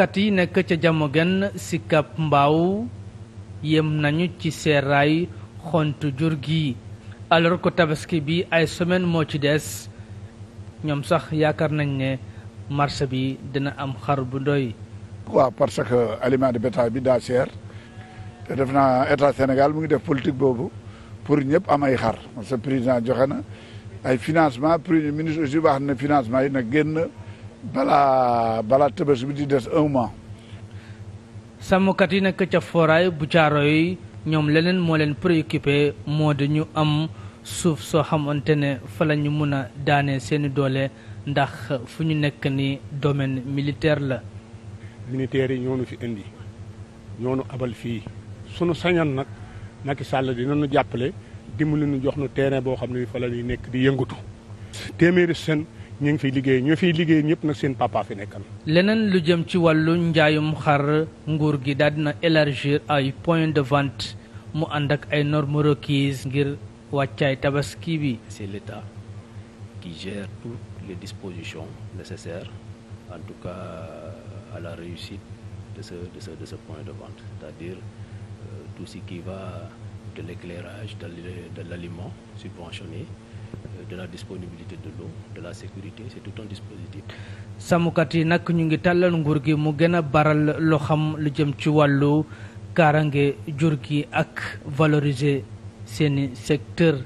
kat yi nekk ca jamo gen Sicap mbaaw yem nañu ci seeraay xont jur gi alors que tabaski bi ay semaine moo ci des ñoom sax yaakaar nañ ne marché bi dina am xar bu doy. waa parce que aliment de bétail bi daa cher te def naa état Sénégal mu ngi def politique boobu pour ñëpp am ay xar parce que président joxe na ay financement premier ministre aussi wax na financement yi nag génn. balaa balaa tëbës bi di des un sàmmkat yi nekk ca foraay bu caaro yi ñoom leneen moo leen préoccupé moo di ñu am suuf soo xamante ne fa la ñu mun a daane seeni doole ndax fu ñu nekk ni domaine militaire la. militaire yi ñoo nu fi indi ñoo nu abal fii sunu sañan nag Macky sàll dina nu jàppale li nu jox nu terrain boo xam ne fa la ñuy nekk di yëngatu. téeméeri seen. ñu ngi fiy liggéey ñu fiy liggéey ñëpp nag seen papa fi nekkal. leneen lu jëm ci wàllu njaayum xar nguur gi daal na élargir ay point de vente mu ànd ak ay normes requises ngir wàccaay tabaski bi. c'est l'État qui gère toutes les dispositions nécessaires en tout cas à la réussite de ce point de vente c'est-à-dire euh, tout ce qui va. de l'éclairage, de l'aliment subventionné, euh, de la disponibilité de l'eau de la sécurité c'est tout un dispositif. sàmmkat yi nag ñu ngi tàllal nguur gi mu gën a baral loo xam lu jëm ci wàllu kaarange jur gi ak valoriser seeni secteur